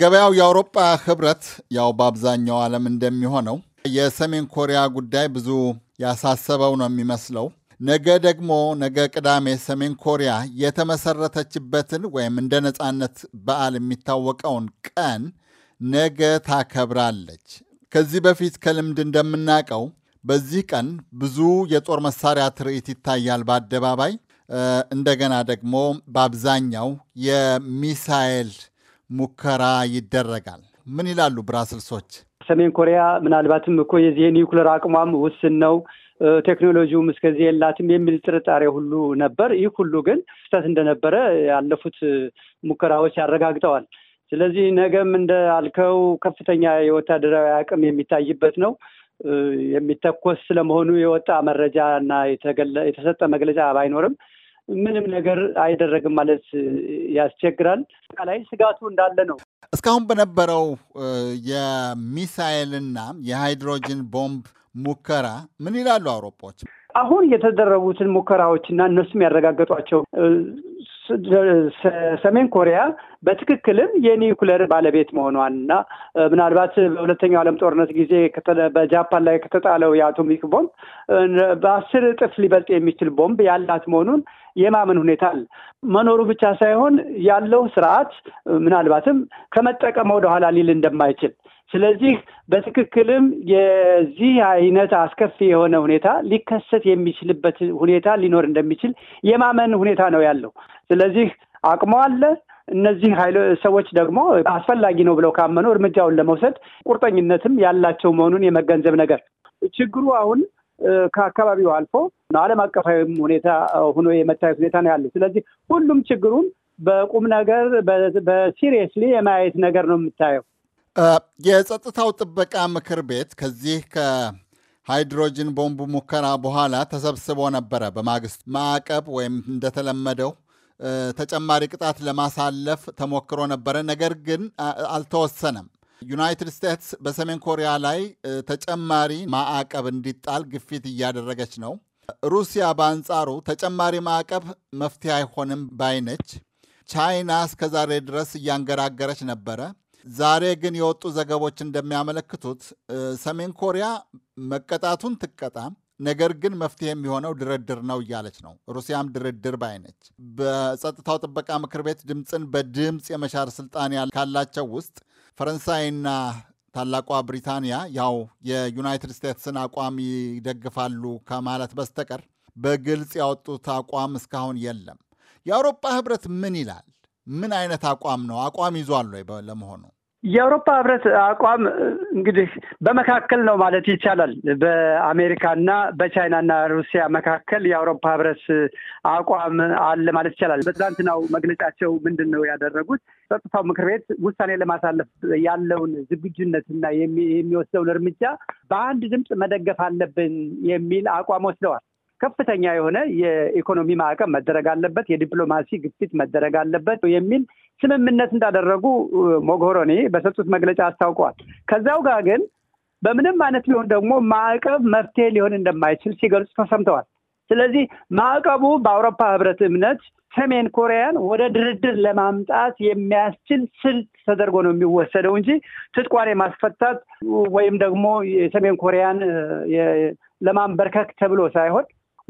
ገበያው የአውሮጳ ህብረት ያው በአብዛኛው ዓለም እንደሚሆነው የሰሜን ኮሪያ ጉዳይ ብዙ ያሳሰበው ነው የሚመስለው። ነገ ደግሞ ነገ ቅዳሜ ሰሜን ኮሪያ የተመሰረተችበትን ወይም እንደ ነፃነት በዓል የሚታወቀውን ቀን ነገ ታከብራለች። ከዚህ በፊት ከልምድ እንደምናውቀው በዚህ ቀን ብዙ የጦር መሳሪያ ትርኢት ይታያል በአደባባይ። እንደገና ደግሞ በአብዛኛው የሚሳኤል ሙከራ ይደረጋል። ምን ይላሉ ብራስልሶች? ሰሜን ኮሪያ ምናልባትም እኮ የዚህ የኒውክሌር አቅሟም ውስን ነው ቴክኖሎጂውም እስከዚህ የላትም የሚል ጥርጣሬ ሁሉ ነበር። ይህ ሁሉ ግን ስህተት እንደነበረ ያለፉት ሙከራዎች ያረጋግጠዋል። ስለዚህ ነገም እንዳልከው ከፍተኛ የወታደራዊ አቅም የሚታይበት ነው። የሚተኮስ ስለመሆኑ የወጣ መረጃ እና የተሰጠ መግለጫ ባይኖርም ምንም ነገር አይደረግም ማለት ያስቸግራል። አጠቃላይ ስጋቱ እንዳለ ነው። እስካሁን በነበረው የሚሳይልና የሃይድሮጅን ቦምብ ሙከራ ምን ይላሉ አውሮፓዎች? አሁን የተደረጉትን ሙከራዎችና እነሱም ያረጋገጧቸው ሰሜን ኮሪያ በትክክልም የኒውክለር ባለቤት መሆኗንና ምናልባት በሁለተኛው ዓለም ጦርነት ጊዜ በጃፓን ላይ ከተጣለው የአቶሚክ ቦምብ በአስር እጥፍ ሊበልጥ የሚችል ቦምብ ያላት መሆኑን የማመን ሁኔታ አለ። መኖሩ ብቻ ሳይሆን ያለው ስርዓት ምናልባትም ከመጠቀም ወደኋላ ሊል እንደማይችል ስለዚህ በትክክልም የዚህ አይነት አስከፊ የሆነ ሁኔታ ሊከሰት የሚችልበት ሁኔታ ሊኖር እንደሚችል የማመን ሁኔታ ነው ያለው። ስለዚህ አቅሟ አለ፣ እነዚህ ኃይሎ ሰዎች ደግሞ አስፈላጊ ነው ብለው ካመኑ እርምጃውን ለመውሰድ ቁርጠኝነትም ያላቸው መሆኑን የመገንዘብ ነገር ችግሩ አሁን ከአካባቢው አልፎ ዓለም አቀፋዊም ሁኔታ ሆኖ የመታየት ሁኔታ ነው ያለ። ስለዚህ ሁሉም ችግሩን በቁም ነገር በሲሪየስሊ የማየት ነገር ነው የምታየው። የጸጥታው ጥበቃ ምክር ቤት ከዚህ ከሃይድሮጅን ቦምቡ ሙከራ በኋላ ተሰብስቦ ነበረ። በማግስት ማዕቀብ ወይም እንደተለመደው ተጨማሪ ቅጣት ለማሳለፍ ተሞክሮ ነበረ፣ ነገር ግን አልተወሰነም። ዩናይትድ ስቴትስ በሰሜን ኮሪያ ላይ ተጨማሪ ማዕቀብ እንዲጣል ግፊት እያደረገች ነው። ሩሲያ በአንጻሩ ተጨማሪ ማዕቀብ መፍትሄ አይሆንም ባይነች። ቻይና እስከዛሬ ድረስ እያንገራገረች ነበረ። ዛሬ ግን የወጡ ዘገቦች እንደሚያመለክቱት ሰሜን ኮሪያ መቀጣቱን ትቀጣም ነገር ግን መፍትሄ የሚሆነው ድርድር ነው እያለች ነው። ሩሲያም ድርድር ነች። በጸጥታው ጥበቃ ምክር ቤት ድምፅን በድምፅ የመሻር ስልጣን ካላቸው ውስጥ ፈረንሳይና ታላቋ ብሪታንያ ያው የዩናይትድ ስቴትስን አቋም ይደግፋሉ ከማለት በስተቀር በግልጽ ያወጡት አቋም እስካሁን የለም። የአውሮፓ ህብረት ምን ይላል? ምን አይነት አቋም ነው? አቋም ይዟል ወይ? ለመሆኑ የአውሮፓ ህብረት አቋም እንግዲህ በመካከል ነው ማለት ይቻላል። በአሜሪካና በቻይናና ሩሲያ መካከል የአውሮፓ ህብረት አቋም አለ ማለት ይቻላል። በትናንትናው መግለጫቸው ምንድን ነው ያደረጉት? ጸጥታው ምክር ቤት ውሳኔ ለማሳለፍ ያለውን ዝግጁነትና የሚወስደውን እርምጃ በአንድ ድምፅ መደገፍ አለብን የሚል አቋም ወስደዋል። ከፍተኛ የሆነ የኢኮኖሚ ማዕቀብ መደረግ አለበት፣ የዲፕሎማሲ ግፊት መደረግ አለበት የሚል ስምምነት እንዳደረጉ ሞጎሮኒ በሰጡት መግለጫ አስታውቀዋል። ከዚያው ጋር ግን በምንም አይነት ቢሆን ደግሞ ማዕቀብ መፍትሄ ሊሆን እንደማይችል ሲገልጹ ተሰምተዋል። ስለዚህ ማዕቀቡ በአውሮፓ ህብረት እምነት ሰሜን ኮሪያን ወደ ድርድር ለማምጣት የሚያስችል ስልት ተደርጎ ነው የሚወሰደው እንጂ ትጥቋን የማስፈታት ወይም ደግሞ የሰሜን ኮሪያን ለማንበርከክ ተብሎ ሳይሆን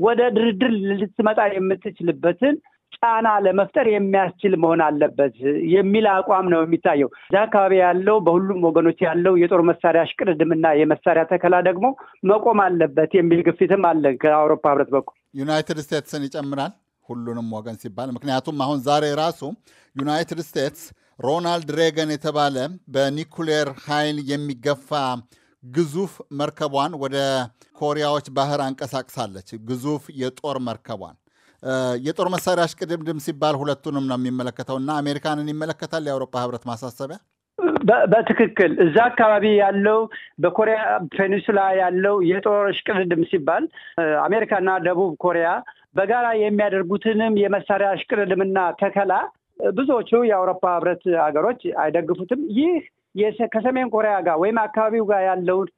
ወደ ድርድር ልትመጣ የምትችልበትን ጫና ለመፍጠር የሚያስችል መሆን አለበት የሚል አቋም ነው የሚታየው። እዚ አካባቢ ያለው በሁሉም ወገኖች ያለው የጦር መሳሪያ ሽቅድድምና የመሳሪያ ተከላ ደግሞ መቆም አለበት የሚል ግፊትም አለ ከአውሮፓ ህብረት በኩል ዩናይትድ ስቴትስን ይጨምራል ሁሉንም ወገን ሲባል ምክንያቱም አሁን ዛሬ ራሱ ዩናይትድ ስቴትስ ሮናልድ ሬገን የተባለ በኒኩሌር ኃይል የሚገፋ ግዙፍ መርከቧን ወደ ኮሪያዎች ባህር አንቀሳቅሳለች። ግዙፍ የጦር መርከቧን የጦር መሳሪያ እሽቅድምድም ሲባል ሁለቱንም ነው የሚመለከተው እና አሜሪካንን ይመለከታል የአውሮፓ ህብረት ማሳሰቢያ በትክክል እዛ አካባቢ ያለው በኮሪያ ፔኒንሱላ ያለው የጦር እሽቅድድም ሲባል አሜሪካና ደቡብ ኮሪያ በጋራ የሚያደርጉትንም የመሳሪያ እሽቅድድምና ተከላ ብዙዎቹ የአውሮፓ ህብረት ሀገሮች አይደግፉትም። ይህ ከሰሜን ኮሪያ ጋር ወይም አካባቢው ጋር ያለውን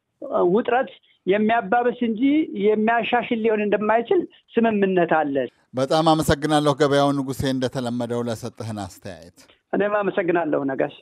ውጥረት የሚያባብስ እንጂ የሚያሻሽል ሊሆን እንደማይችል ስምምነት አለ። በጣም አመሰግናለሁ ገበያው ንጉሴ፣ እንደተለመደው ለሰጥህን አስተያየት። እኔም አመሰግናለሁ ነጋሽ።